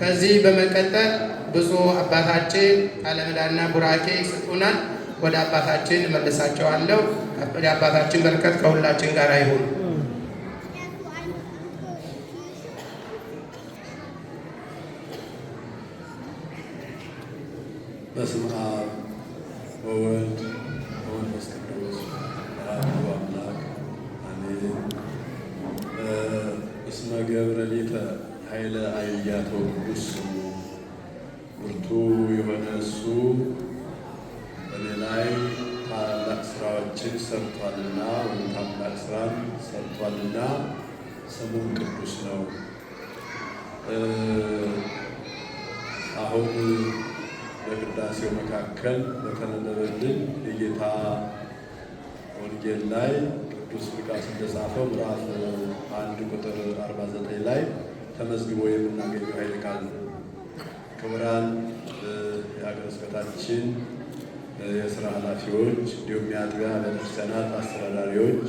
ከዚህ በመቀጠል ብፁዕ አባታችን ቃለምዳና ቡራኬ ይሰጡናል። ወደ አባታችን መልሳቸዋለሁ። የአባታችን በረከት ከሁላችን ጋር ይሁን። በስመ አብ ወወልድ ወመንፈስ ቅዱስ አሐዱ አምላክ አሜን። እስመ ገብረ ኃይለ አያቶ ቅዱስ ስሙ ብርቱ የሆነ እሱ በእኔ ላይ ታላቅ ስራዎችን ሰርቷልና ወይም ታላቅ ስራን ሰርቷልና ስሙን ቅዱስ ነው። አሁን በቅዳሴው መካከል በተነበበልን የጌታ ወንጌል ላይ ቅዱስ ሉቃስ እንደጻፈው ምዕራፍ አንድ ቁጥር 49 ላይ ተመዝግቦ የምናገኘው ኃይለ ቃል ነው። ክቡራን የሀገረ ስብከታችን የስራ ኃላፊዎች፣ እንዲሁም የአጥቢያ ቤተክርስቲያናት አስተዳዳሪዎች፣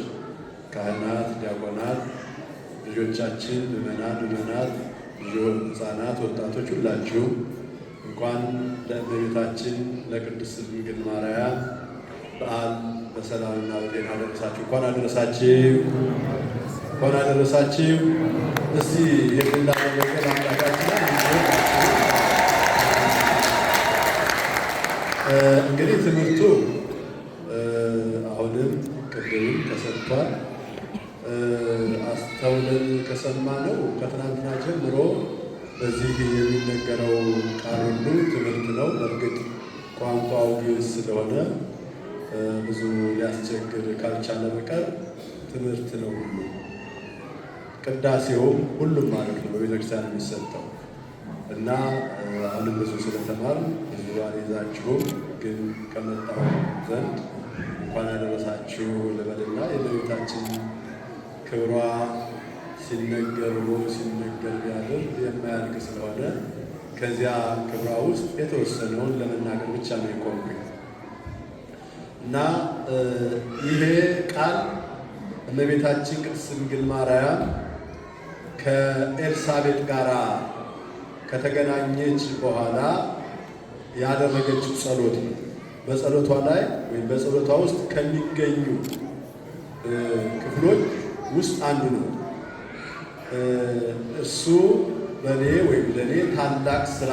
ካህናት፣ ዲያቆናት፣ ልጆቻችን፣ ምዕመናን፣ ምዕመናት፣ ህፃናት፣ ወጣቶች ሁላችሁ እንኳን ለእመቤታችን ለቅድስት ድንግል ማርያም በዓል በሰላምና በጤና አደረሳችሁ። እንኳን አደረሳችሁ። እንኳን አደረሳችሁ። እስቲ የምናመለከት አምላካችን እንግዲህ ትምህርቱ አሁንም ቅድም ተሰጥቷል። አስተውለን ነው። ከትናንትና ጀምሮ በዚህ የሚነገረው ቃል ሁሉ ትምህርት ነው። በእርግጥ ቋንቋው ግዕዝ ስለሆነ ብዙ ሊያስቸግር ካልቻለ በቀር ትምህርት ነው ሁሉ ቅዳሴውም ሁሉም ማለት ነው በቤተክርስቲያን የሚሰጠው እና አሁንም ብዙ ስለተማር ብዙ ይዛችሁም ግን ከመጣሁ ዘንድ እንኳን ያደረሳችሁ ልበልና የእመቤታችን ክብሯ ሲነገር ውሎ ሲነገር ቢያድር የማያልቅ ስለሆነ ከዚያ ክብሯ ውስጥ የተወሰነውን ለመናገር ብቻ ነው የቆምኩኝ እና ይሄ ቃል እመቤታችን ቅድስት ድንግል ማርያም ከኤልሳቤጥ ጋር ከተገናኘች በኋላ ያደረገችው ጸሎት ነው። በጸሎቷ ላይ ወይም በጸሎቷ ውስጥ ከሚገኙ ክፍሎች ውስጥ አንዱ ነው። እሱ በእኔ ወይም ለእኔ ታላቅ ስራ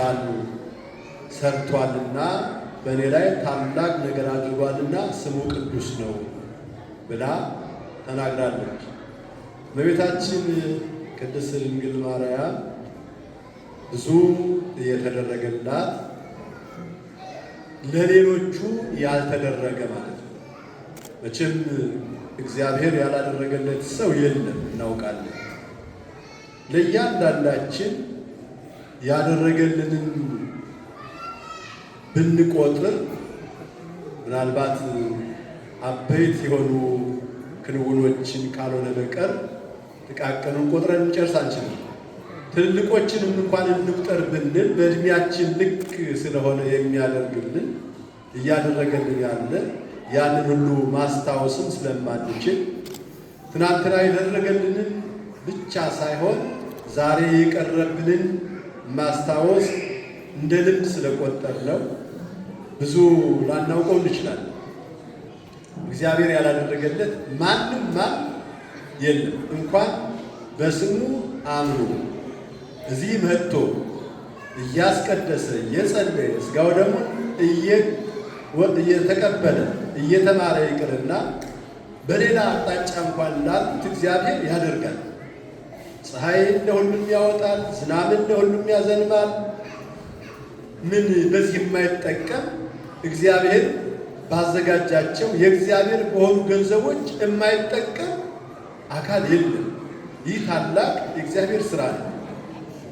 ሰርቷልና በእኔ ላይ ታላቅ ነገር አድርጓልና ስሙ ቅዱስ ነው ብላ ተናግራለች። በቤታችን ቅድስት ድንግል ማርያም ብዙ የተደረገላት ለሌሎቹ ያልተደረገ ማለት ነው። መቼም እግዚአብሔር ያላደረገለት ሰው የለም እናውቃለን። ለእያንዳንዳችን ያደረገልንን ብንቆጥር ምናልባት አበይት የሆኑ ክንውኖችን ካልሆነ በቀር ጥቃቅንን ቁጥረን እንጨርስ አንችልም። ትልልቆችንም እንኳን እንቁጠር ብንል በእድሜያችን ልክ ስለሆነ የሚያደርግልን እያደረገልን ያለ ያንን ሁሉ ማስታወስም ስለማንችል ትናንትና የደረገልንን ብቻ ሳይሆን ዛሬ የቀረብንን ማስታወስ እንደ ልምድ ስለቆጠር ነው ብዙ ላናውቀው እንችላለን። እግዚአብሔር ያላደረገለት ማንም ማን የለም። እንኳን በስሙ አምኖ እዚህ መጥቶ እያስቀደሰ እየጸለየ ስጋው ደግሞ እየተቀበለ እየተማረ ይቅርና በሌላ አቅጣጫ እንኳን ላሉት እግዚአብሔር ያደርጋል። ፀሐይን ለሁሉም ያወጣል፣ ዝናብን ለሁሉም ያዘንባል። ምን በዚህ የማይጠቀም እግዚአብሔር ባዘጋጃቸው የእግዚአብሔር በሆኑ ገንዘቦች የማይጠቀም አካል የለም። ይህ ታላቅ የእግዚአብሔር ስራ ነው።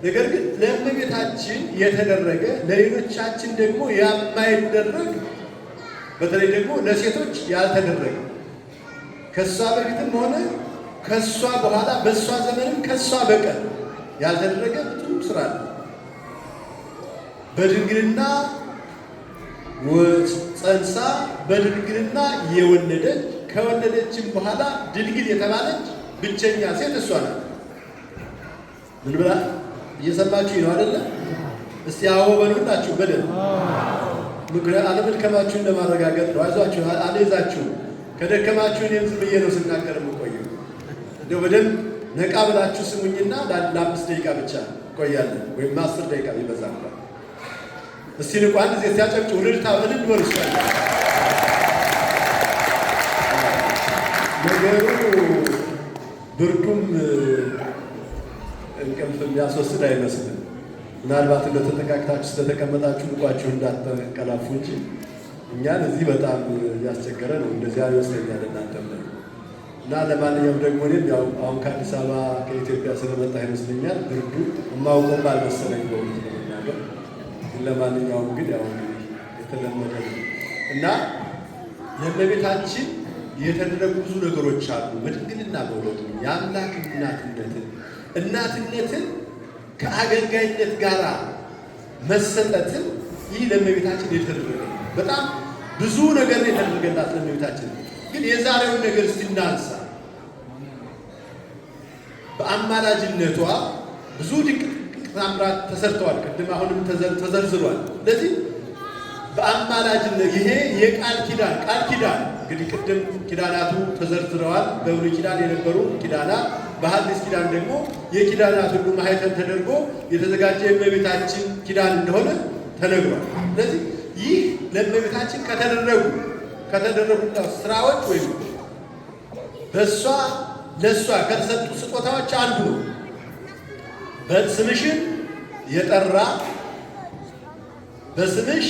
ነገር ግን ለእመቤታችን የተደረገ ለሌሎቻችን ደግሞ የማይደረግ በተለይ ደግሞ ለሴቶች ያልተደረገ ከእሷ በፊትም ሆነ ከእሷ በኋላ በእሷ ዘመንም ከእሷ በቀር ያልተደረገ ብዙ ስራ ነው። በድንግልና ጸንሳ በድንግልና የወለደች ከወለደችም በኋላ ድልግል የተባለች ብቸኛ ሴት እሷ ናት። ምን ብላ እየሰማችሁ ነው አደለ? እስቲ አዎ በሉላችሁ በደል ምክር አለመድከማችሁን ለማረጋገጥ ነው። አይዟችሁ፣ አልይዛችሁ ከደከማችሁ እኔም ዝም ብዬ ነው ስናገር የምቆየው። እንደ በደንብ ነቃ ብላችሁ ስሙኝና ለአምስት ደቂቃ ብቻ ቆያለን ወይም አስር ደቂቃ ይበዛ እንኳን እስቲ ንቋ አንድ ጊዜ ሲያጨብጭ ውልድታ በልድ ወርሷል ነገሩ ብርዱም እንቅልፍ የሚያስወስድ አይመስልም። ምናልባት እንደተጠቃቅታችሁ ስለተቀመጣችሁ ልቋችሁ እንዳትቀላፉ እንጂ እኛን እዚህ በጣም እያስቸገረ ነው። እንደዚያ ይመስለኛል እና ለማንኛውም ደግሞ እኔም ያው አሁን ከአዲስ አበባ ከኢትዮጵያ ስለመጣ ይመስለኛል ብርዱ በእውነት ለማንኛውም ግን ያው የተለመደ ነው እና የእመቤታችን የተደረጉ ብዙ ነገሮች አሉ። በድንግልና በሁለቱ የአምላክ እናትነትን እናትነትን ከአገልጋይነት ጋር መሰጠትን ይህ ለመቤታችን የተደረገ በጣም ብዙ ነገር የተደረገላት ለመቤታችን። ግን የዛሬውን ነገር ስናንሳ በአማላጅነቷ ብዙ ድንቅ ታምራት ተሰርተዋል። ቅድም አሁንም ተዘርዝሯል። ስለዚህ በአማላጅነት ይሄ የቃል ኪዳን ቃል ኪዳን እንግዲህ ቅድም ኪዳናቱ ተዘርዝረዋል። በብሉይ ኪዳን የነበሩ ኪዳናት፣ በሐዲስ ኪዳን ደግሞ የኪዳናት ሁሉ ማኅተም ተደርጎ የተዘጋጀ የእመቤታችን ኪዳን እንደሆነ ተነግሯል። ስለዚህ ይህ ለእመቤታችን ከተደረጉ ከተደረጉ ስራዎች ወይም በእሷ ለእሷ ከተሰጡ ስጦታዎች አንዱ ነው። በስምሽን የጠራ በስምሽ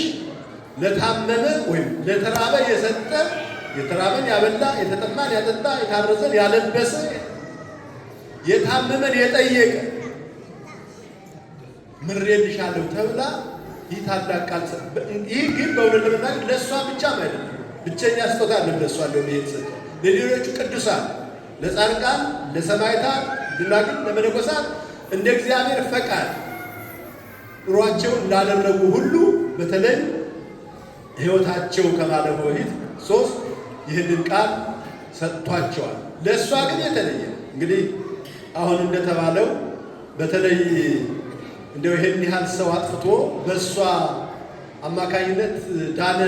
ለታመመ ወይም ለተራበ የሰጠ የተራበን ያበላ፣ የተጠማን ያጠጣ፣ የታረዘን ያለበሰ፣ የታመመን የጠየቀ ምሬልሻለሁ ተብላ ይህ ታላቅ ቃል ይህ ግን በእውነት ለመናገር ለእሷ ብቻ ማለት ብቸኛ ስጦታ አለም ለእሷ ሊሆን የተሰጠ ለሌሎቹ ቅዱሳን ለጻድቃን፣ ለሰማዕታት፣ ድናግል፣ ለመነኮሳት እንደ እግዚአብሔር ፈቃድ ኑሯቸውን እንዳደረጉ ሁሉ በተለይ ሕይወታቸው ከማለፉ በፊት ሶስት ይህንን ቃል ሰጥቷቸዋል። ለእሷ ግን የተለየ እንግዲህ አሁን እንደተባለው በተለይ እንደው ይህን ያህል ሰው አጥፍቶ በእሷ አማካኝነት ዳነ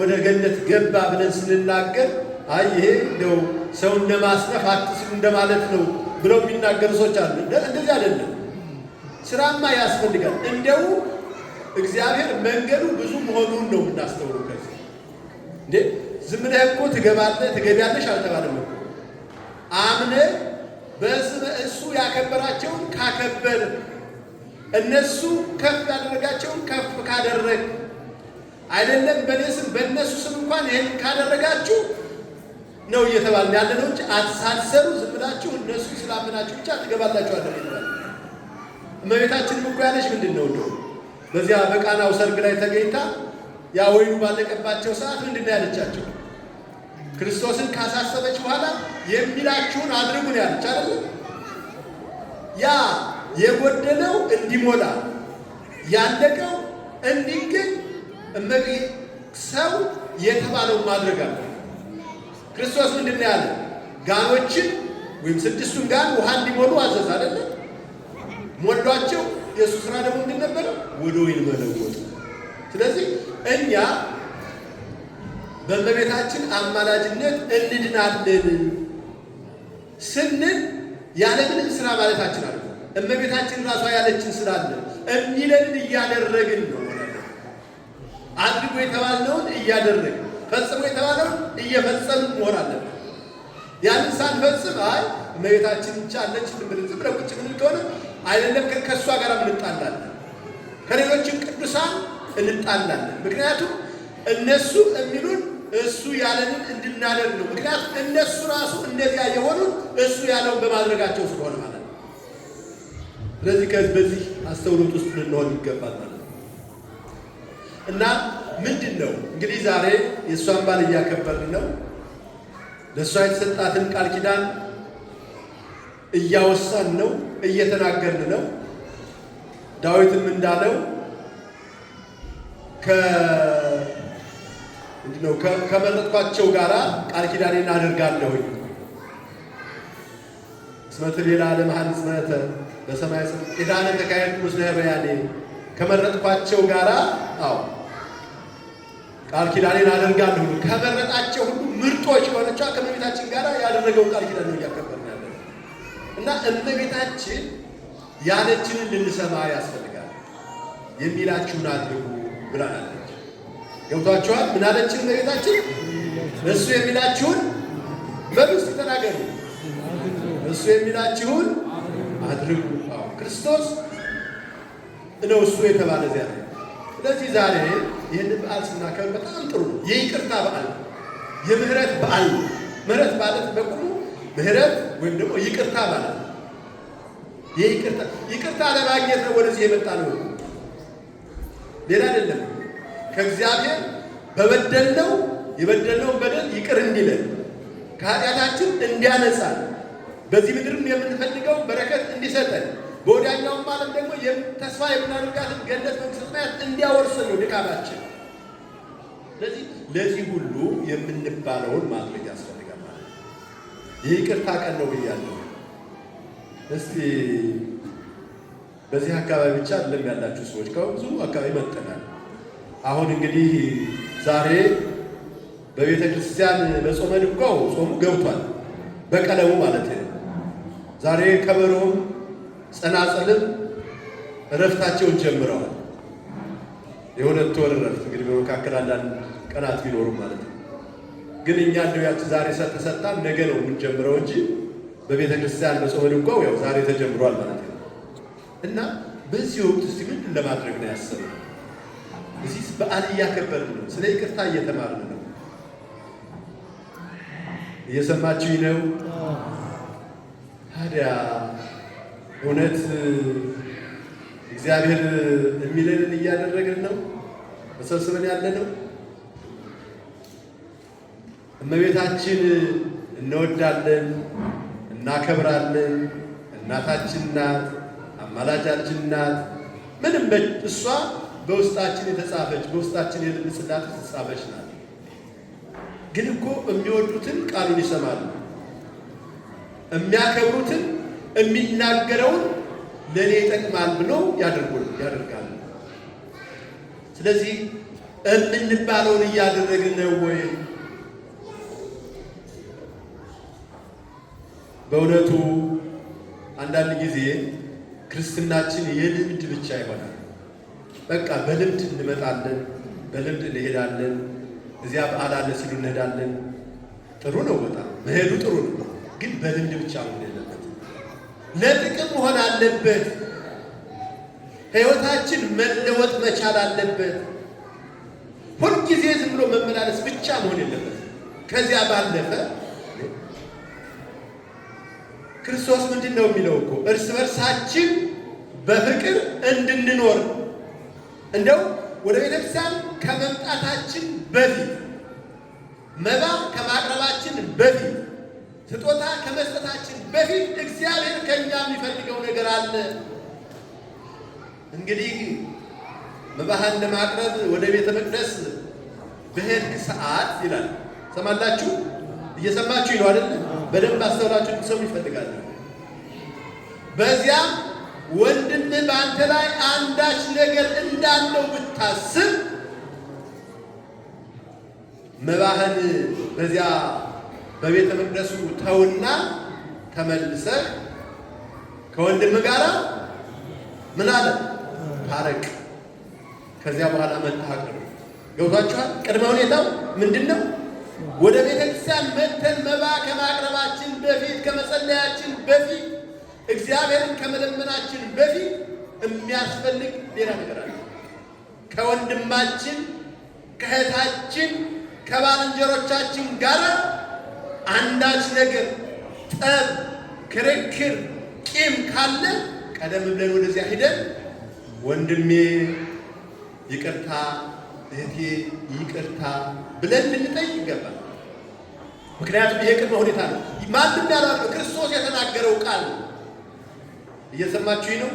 ወደ ገነት ገባ ብለን ስንናገር አይ ይሄ እንደው ሰውን ለማስነፍ አትስሉ እንደማለት ነው ብለው የሚናገሩ ሰዎች አሉ። እንደዚህ አይደለም። ስራማ ያስፈልጋል። እንደው እግዚአብሔር መንገዱ ብዙ መሆኑን ነው የምናስተውለው ከዚህ እንዴ ዝም ብለህ እኮ ትገባለህ ትገቢያለሽ አልተባለም እኮ አምነህ በስመ እሱ ያከበራቸውን ካከበር እነሱ ከፍ ያደረጋቸውን ከፍ ካደረግ አይደለም በእኔ ስም በእነሱ ስም እንኳን ይህን ካደረጋችሁ ነው እየተባለ ያለ ነው እንጂ አትሳሰሩ። ዝም ብላችሁ እነሱ ስላመናችሁ ብቻ ትገባላችሁ አለ ይባል። እመቤታችንም እኮ ያለች ምንድን ነው እንደው በዚያ በቃናው ሰርግ ላይ ተገኝታ ያ ወይኑ ባለቀባቸው ሰዓት ምንድን ያለቻቸው? ክርስቶስን ካሳሰበች በኋላ የሚላችሁን አድርጉ ነው ያለች አይደል? ያ የጎደለው እንዲሞላ ያለቀው እንዲገኝ ሰው የተባለው ማድረግ አለ። ክርስቶስ ምንድን ነው ያለ? ጋኖችን ወይም ስድስቱን ጋን ውሃ እንዲሞሉ አዘዝ አይደለ? ሞሏቸው። የእሱ ስራ ደግሞ ምንድን ነበረ? ወደ ወይን መለወጥ። ስለዚህ እኛ በእመቤታችን አማላጅነት እንድናለን ስንል ያለምንም ስራ ማለታችን አለ። እመቤታችን ራሷ ያለችን ስራ አለ። እሚለን እያደረግን ነው። አድርጎ የተባለውን እያደረግ ፈጽሞ የተባለውን እየፈጸም መሆን አለብን። ያንን ሳንፈጽም አይ እመቤታችን እንቻለች አለች ብለ ቁጭ ምንል ከሆነ አይደለም ከእሷ ጋር ምንጣላለን ከሌሎችም ቅዱሳን እንጣላለን። ምክንያቱም እነሱ የሚሉን እሱ ያለንን እንድናደርግ ነው። ምክንያቱም እነሱ ራሱ እንደዚያ የሆኑት እሱ ያለውን በማድረጋቸው ስለሆነ ማለት ነው። ስለዚህ ከዚህ በዚህ አስተውሎት ውስጥ ልንሆን ይገባል ማለት ነው እና ምንድን ነው እንግዲህ ዛሬ የእሷን ባል እያከበርን ነው። ለእሷ የተሰጣትን ቃል ኪዳን እያወሳን ነው፣ እየተናገርን ነው። ዳዊትም እንዳለው ከመረጥኳቸው ጋራ ቃል ኪዳኔን አድርጋለሁኝ። ስመት ሌላ ለመሃል ስመተ በሰማይ ጽ የዳነ ተካሄድ ውስጥ በያኔ ከመረጥኳቸው ጋራ አዎ ቃል ኪዳኔን አደርጋለሁ። ከመረጣቸው ሁሉ ምርጦች የሆነችው ከመቤታችን ጋር ያደረገውን ቃል ኪዳን ነው እያከበርን ያለ እና እመቤታችን ያለችንን ልንሰማ ያስፈልጋል። የሚላችሁን አድርጉ ምን አላለች? ገብቷችኋል? ምን አለችን እመቤታችን? እሱ የሚላችሁን በብስ ተናገሩ፣ እሱ የሚላችሁን አድርጉ። ክርስቶስ ነው እሱ የተባለ ዚያ። ስለዚህ ዛሬ ይህን በዓል ስናከብር በጣም ጥሩ ነው። የይቅርታ በዓል የምህረት በዓል ነው። ምህረት ማለት በቁሙ ምህረት ወይም ደግሞ ይቅርታ ማለት ነው። ይቅርታ ለማግኘት ነው ወደዚህ የመጣ ነው። ሌላ አይደለም። ከእግዚአብሔር በበደልነው የበደልነውን በደል ይቅር እንዲለን ከኃጢአታችን እንዲያነጻን በዚህ ምድርም የምንፈልገው በረከት እንዲሰጠን በወዲያኛውም ዓለም ደግሞ ተስፋ የምናደርጋትን ገነት መንግሥተ ሰማያት እንዲያወርሰን ነው ድካማችን። ስለዚህ ለዚህ ሁሉ የምንባለውን ማድረግ ያስፈልጋል ማለት ነው። ይህ ይቅርታ ቀን ነው ብያለሁ። እስቲ በዚህ አካባቢ ብቻ አይደለም ያላችሁ ሰዎች ከብዙ አካባቢ መጥተናል። አሁን እንግዲህ ዛሬ በቤተ ክርስቲያን በጾመ ድጓው ጾሙ ገብቷል፣ በቀለሙ ማለት ነው። ዛሬ ከበሮም ጸናጸልም እረፍታቸውን ጀምረዋል። የሁለት ወር እረፍት እንግዲህ በመካከል አንዳንድ ቀናት ቢኖሩም ማለት ነው። ግን እኛ እንደው ያቺ ዛሬ ሰጥተሰጣን ነገ ነው የምንጀምረው እንጂ በቤተ ክርስቲያን በጾመ ድጓው ያው ዛሬ ተጀምሯል ማለት ነው። እና በዚህ ወቅት እስቲ ምን ለማድረግ ነው ያሰብነው? እዚህ በዓል እያከበርን ነው። ስለ ይቅርታ እየተማርን ነው። እየሰማችሁኝ ነው? ታዲያ እውነት እግዚአብሔር የሚለንን እያደረግን ነው ተሰብስበን ያለ ነው። እመቤታችን እንወዳለን፣ እናከብራለን። እናታችን ናት። አማላጅ አልጅናት ምንም እሷ በውስጣችን የተጻፈች በውስጣችን የልብ ጽላት የተጻፈች ናት። ግን እኮ የሚወዱትን ቃሉን ይሰማሉ፣ የሚያከብሩትን የሚናገረውን ለእኔ ይጠቅማል ብለው ያደርጋሉ። ስለዚህ የምንባለውን እያደረግን ነው ወይ? በእውነቱ አንዳንድ ጊዜ ክርስትናችን የልምድ ብቻ ይሆናል። በቃ በልምድ እንመጣለን፣ በልምድ እንሄዳለን። እዚያ በዓል አለ ሲሉ እንሄዳለን። ጥሩ ነው፣ በጣም መሄዱ ጥሩ ነው። ግን በልምድ ብቻ መሆን የለበት፣ ለጥቅም መሆን አለበት። ህይወታችን መለወጥ መቻል አለበት። ሁልጊዜ ዝም ብሎ መመላለስ ብቻ መሆን የለበት። ከዚያ ባለፈ ክርስቶስ ምንድን ነው የሚለው እኮ እርስ በርሳችን በፍቅር እንድንኖር እንደው ወደ ቤተክርስቲያን ከመምጣታችን በፊት መባ ከማቅረባችን በፊት ስጦታ ከመስጠታችን በፊት እግዚአብሔር ከኛ የሚፈልገው ነገር አለ። እንግዲህ መባህን ለማቅረብ ወደ ቤተ መቅደስ በሄድ ሰዓት ይላል። ሰማላችሁ? እየሰማችሁ ይለው አይደል? በደንብ አስተውላችሁ ሰው ይፈልጋል። በዚያም ወንድም በአንተ ላይ አንዳች ነገር እንዳለው ብታስብ መባህን በዚያ በቤተ መቅደሱ ተውና ተመልሰ ከወንድም ጋር ምን አለ ታረቅ። ከዚያ በኋላ መጣ ገብቷችኋል። ቅድመ ሁኔታው ምንድን ነው? ወደ ቤተ ክርስቲያን መጥተን መባ ከማቅረባችን በፊት ከመጸለያችን በፊት እግዚአብሔርን ከመለመናችን በፊት የሚያስፈልግ ሌላ ነገር አለ። ከወንድማችን ከእህታችን ከባልንጀሮቻችን ጋር አንዳች ነገር ጠብ፣ ክርክር፣ ቂም ካለ ቀደም ብለን ወደዚያ ሂደን ወንድሜ ይቅርታ እህቴ ይቅርታ ብለን ልንጠይቅ ይገባል። ምክንያቱም ይሄ ቅድመ ሁኔታ ነው። ማንም ያላሉ ክርስቶስ የተናገረው ቃል እየሰማችሁኝ ነው?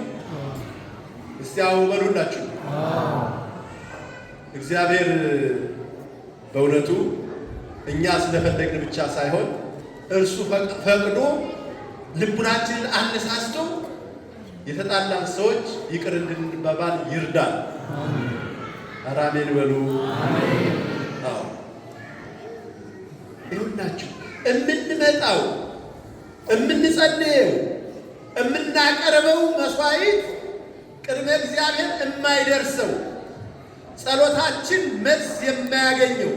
እስቲያው በሉላችሁ። እግዚአብሔር በእውነቱ እኛ ስለፈለግን ብቻ ሳይሆን እርሱ ፈቅዶ ልቡናችንን አነሳስቶ የተጣላን ሰዎች ይቅር እንድንባባል ይርዳል። ኧረ አሜን በሉ። ይሁናችሁ የምንመጣው የምንጸልየው የምናቀርበው መስዋዕት ቅድመ እግዚአብሔር የማይደርሰው ጸሎታችን መልስ የማያገኘው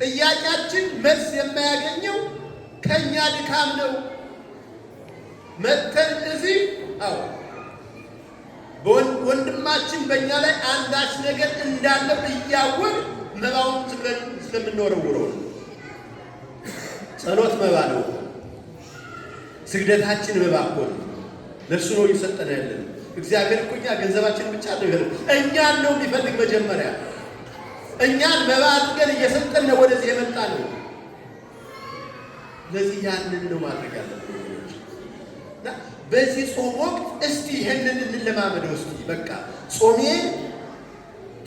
ጥያቄያችን መልስ የማያገኘው ከእኛ ድካም ነው። መተን እዚህ አዎ ወንድማችን በእኛ ላይ አንዳች ነገር እንዳለ እያወቅ መባውን ትብለን ስለምንወረውረው ጸሎት መባ ነው። ስግደታችን መባ እኮ ነው። ለእሱ ነው እየሰጠነ ያለን። እግዚአብሔር እኮ እኛ ገንዘባችን ብቻ ነው ይፈልግ፣ እኛን ነው የሚፈልግ መጀመሪያ። እኛን መባ አድርገን እየሰጠን ወደዚህ የመጣ ነው። ለዚህ ያንን ነው ማድረግ ያለብን። በዚህ ጾም ወቅት እስቲ ይሄንን እንለማመደው። እስቲ በቃ ጾሜ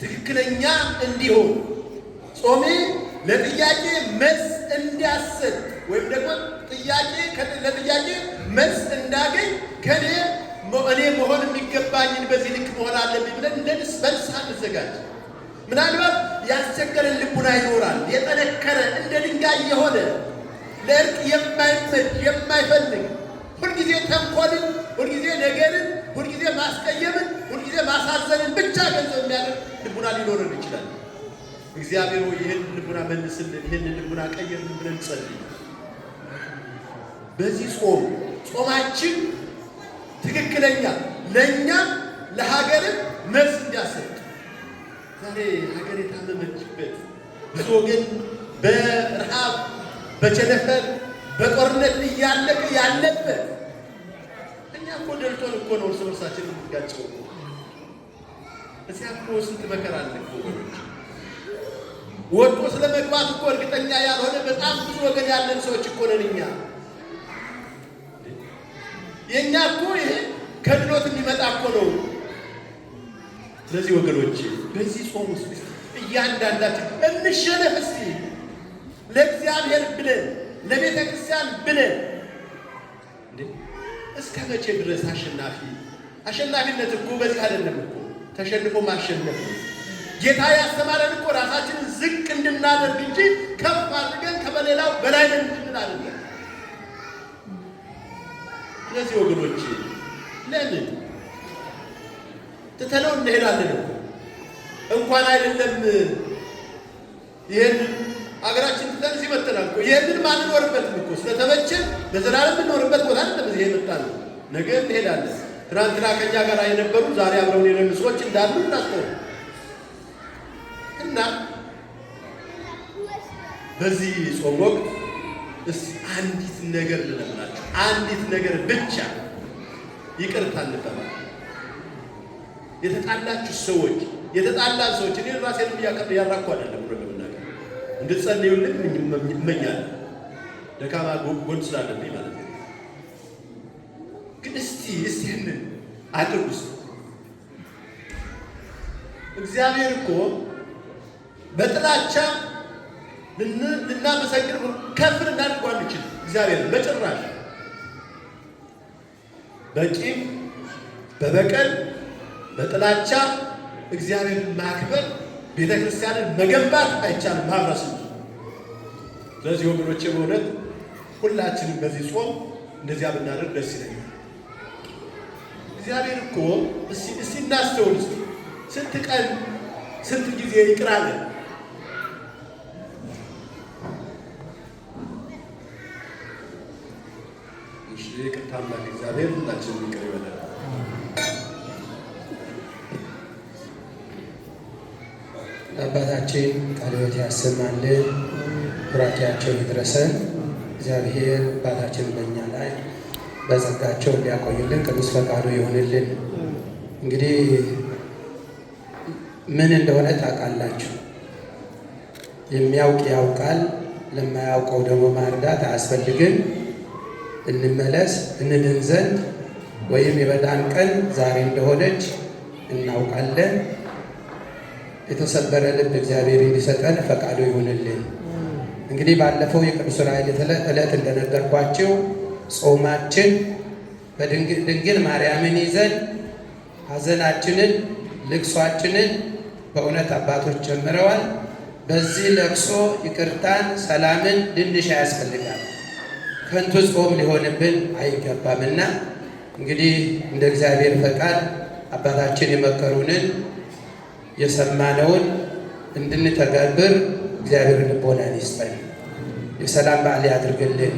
ትክክለኛ እንዲሆን ጾሜ ለጥያቄ መልስ እንዲያሰጥ ወይም ደግሞ ጥያቄ ለጥያቄ መልስ እንዳገኝ ከኔ እኔ መሆን የሚገባኝን በዚህ ልክ መሆን አለብኝ ብለን ለንስ መልስ አንዘጋጅ። ምናልባት ያስቸገረን ልቡና ይኖራል። የጠነከረ እንደ ድንጋይ የሆነ ለእርቅ የማይመድ የማይፈልግ ሁልጊዜ ተንኮልን፣ ሁልጊዜ ነገርን፣ ሁልጊዜ ማስቀየምን፣ ሁልጊዜ ማሳዘንን ብቻ ገንዘብ የሚያደርግ ልቡና ሊኖረን ይችላል። እግዚአብሔር ሆይ ይህን ልቡና መልስልን፣ ይህን ልቡና ቀየርን ብለን ጸልይ። በዚህ ጾም ጾማችን ትክክለኛ ለእኛም ለሀገርም መልስ እንዲያሰጥ ዛሬ ሀገር የታመመችበት ብዙ ወገን በረሃብ በቸነፈር በጦርነት እያለቀ ያለበት እኮ ነው እርስ በርሳችን የምንጋጨው። እዚያ እኮ ስንት መከራ አለ ወጥቶ ስለ መግባት እኮ እርግጠኛ ያልሆነ በጣም ብዙ ወገን ያለን ሰዎች እኮ ነን እኛ። የእኛ እኮ ይሄ ከድሎት የሚመጣ እኮ ነው። ስለዚህ ወገኖች በዚህ ጾም ውስጥ እያንዳንዳችን እንሸነፍ እስቲ ለእግዚአብሔር ብለን ለቤተ ክርስቲያን ብለን እስከ መቼ ድረስ አሸናፊ አሸናፊነት እኮ በዚህ አይደለም እኮ ተሸንፎ ማሸነፍ ጌታ ያስተማረን እኮ ራሳችንን ዝቅ እንድናደርግ እንጂ ከፍ አድርገን ከበሌላው በላይ ነን እንድንል አይደለም። ስለዚህ ወገኖች ለምን ትተነው እንሄዳለን? እንኳን አይደለም ይህን ሀገራችን ትተን እዚህ መተናል እኮ ይህንን ማንኖርበትም እኮ ስለተመቸን በዘላለም የምንኖርበት ቦታ አይደለም። እዚህ የመጣ ነው፣ ነገ እንሄዳለን። ትናንትና ከኛ ጋር የነበሩ ዛሬ አብረውን የሌሉ ሰዎች እንዳሉ እናስተው እና በዚህ ጾም ወቅት እስ አንዲት ነገር ልለምናችሁ፣ አንዲት ነገር ብቻ ይቅርታ እንበባል። የተጣላችሁ ሰዎች የተጣላን ሰዎች እኔ ራሴንም ያራኩ አይደለም እንድጸልዩልን ይመኛል። ደካማ ጎን ስላለብኝ ማለት ነው። ግን እስቲ እስቲ ያንን እግዚአብሔር እኮ በጥላቻ ልናመሰግን ከፍ ልናድርጎ አንችል። እግዚአብሔር በጭራሽ በቂም፣ በበቀል፣ በጥላቻ እግዚአብሔር ማክበር ቤተ ክርስቲያንን መገንባት አይቻልም ማፍረስ ነው። ስለዚህ ወገኖቼ በእውነት ሁላችንም በዚህ ጾም እንደዚያ ብናደርግ ደስ ይለኛል። እግዚአብሔር እኮ እስቲ እናስተውል። ስንት ቀን ስንት ጊዜ ይቅራለ አለ። ይቅርታ አምላክ እግዚአብሔር ሁላችንም ይቅር ይበላል። አምላካችን ቃለ ሕይወት ያሰማልን፣ ኩራቲያቸው ይድረሰን። እግዚአብሔር ባታችን በእኛ ላይ በጸጋቸው ሊያቆይልን ቅዱስ ፈቃዱ ይሆንልን። እንግዲህ ምን እንደሆነ ታውቃላችሁ። የሚያውቅ ያውቃል፣ ለማያውቀው ደግሞ ማርዳት አያስፈልግም። እንመለስ እንድን ዘንድ ወይም የበዳን ቀን ዛሬ እንደሆነች እናውቃለን። የተሰበረ ልብ እግዚአብሔር እንዲሰጠን ፈቃዱ ይሁንልን። እንግዲህ ባለፈው የቅዱስ ራይል ዕለት እንደነገርኳቸው ጾማችን በድንግል ማርያምን ይዘን ሐዘናችንን ልቅሷችንን በእውነት አባቶች ጀምረዋል። በዚህ ለቅሶ ይቅርታን፣ ሰላምን ድንሽ ያስፈልጋል። ከንቱ ጾም ሊሆንብን አይገባምና እንግዲህ እንደ እግዚአብሔር ፈቃድ አባታችን የመከሩንን የሰማነውን እንድንተገብር እግዚአብሔር ልቦናን ይስጠን። የሰላም በዓል ያድርግልን።